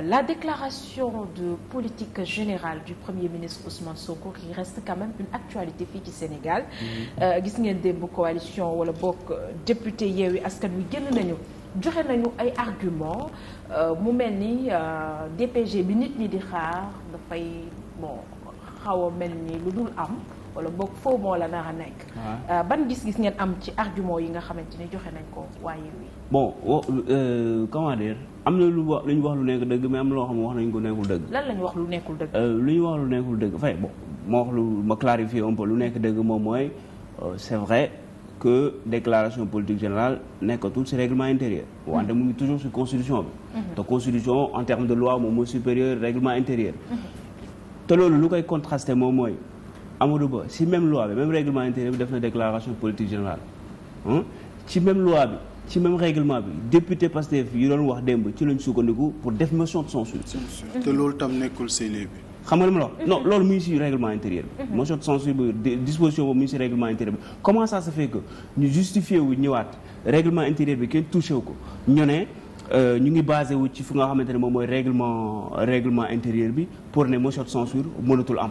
Euh, la déclaration de politique générale du premier ministre Ousmane Sonko qui reste quand même une actualité fii ci Sénégal. Mhm. Euh, gis ngeen démb coalition wala bokk euh, député yi Askan Wi génn nañu joxe nañu ay arguments mu mel ni DPG bi nit ñi di xaar dafay bon xaw mel ni lu dul am. wala boog foo moo la nar a nekk. Ah. Euh, ban gis-gis ngeen am ci argument yi nga xamante ni joxe nañ ko waa Yewwi. bon wo euh, comment dire am na lu wax lu ñu wax lu nekk dëgg mais am na loo xam ne ko nekkul dëgg. wax lu nekkul euh, lu ñu wax lu nekkul dëgg fay bon ma lu ma clarifier un peu lu nekk dëgg moom mooy c'est vrai. que déclaration politique générale nekkatul ci règlement intérieur. wante mu ngi toujours ci constitution bi. Mhm. te constitution en termes de loi moom mooy supérieur règlement intérieur. Mhm. te loolu lu koy contrasté moom mooy Amadou Ba si même loi bi même règlement intérieur bi def na déclaration politique générale ci même loi bi ci même réglement bi député Pastef yi doon wax démb ci lañ sukkandiku pour def motion de censure. te loolu tam nekkul CELE bi. xam nga lu ma la wax non mhm. loolu mu ngi ci règlement intérieur bi. Mhm. motion de censure bi disposition boobu mu ngi ci règlement intérieur bi comment ça se ñu justifié wu ñëwaat règlement intérieur bi kenn touché wu ko ñu ne. Euh, ñu ngi basé wu ci fu nga xamante ne moom mooy règlement règlement intérieur bi pour ne motion de censure am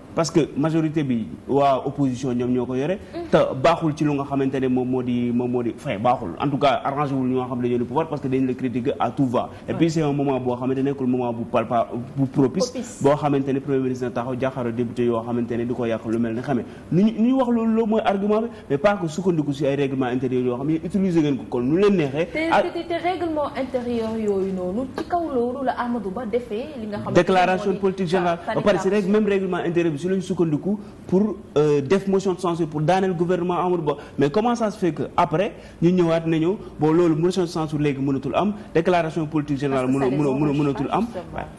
parce que majorité bi waa opposition ñoom ñoo ko yore. te baaxul ci lu nga xamante ne moo di moom baaxul en tout cas arrangé wul ñoo xam ne dañoo di pouvoir parce que dañ la critiquer à tout va. et puis c'est un moment boo xamante ne nekkul moment bu palpa bu propice. boo xamante ne premier ministre na taxaw jaaxaaroo député yoo xamante ne di ko yàq lu mel ne xamee ni ñu wax loolu loolu mooy argument bi mais pas que sukkandiku ko kon nu leen neexee. Ah intérieur yooyu noonu Ba defee. li nga xam su lañu sukkandiku pour euh, def motion de censure pour daaneel gouvernement Amadou Ba mais comment ça se fait que après ñu ñëwaat nañu boo loolu motion de censure léegi mënatul am déclaration politique générale mënatul am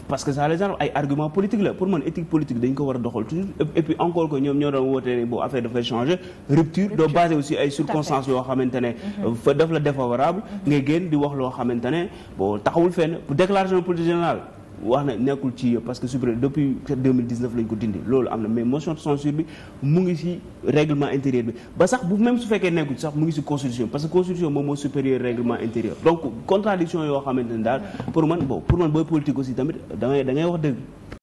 parce que ça les gens ay argument politique la pour man éthique politique dañ ko war a doxal toujours et puis encore que ñoom ñoo doon woote ne bon affaire dafay changer rupture doo basé aussi ay circonstances yoo xamante ne mhm. fa daf la défavorable mhm. ngay génn xamante ne bon taxawul fenn déclaration politique générale wax na nekkul ci parce que supérieur depuis 2019 lañ ko dindi loolu am na mais motion de censure bi mu ngi ci règlement intérieur bi ba sax bu même su fekkee nekkul sax mu ngi ci constitution parce que constitution moom moo supérieur règlement intérieur donc contradiction yoo xamante ne daal pour man bon pour man booy politique aussi tamit da ngay da ngay wax dëgg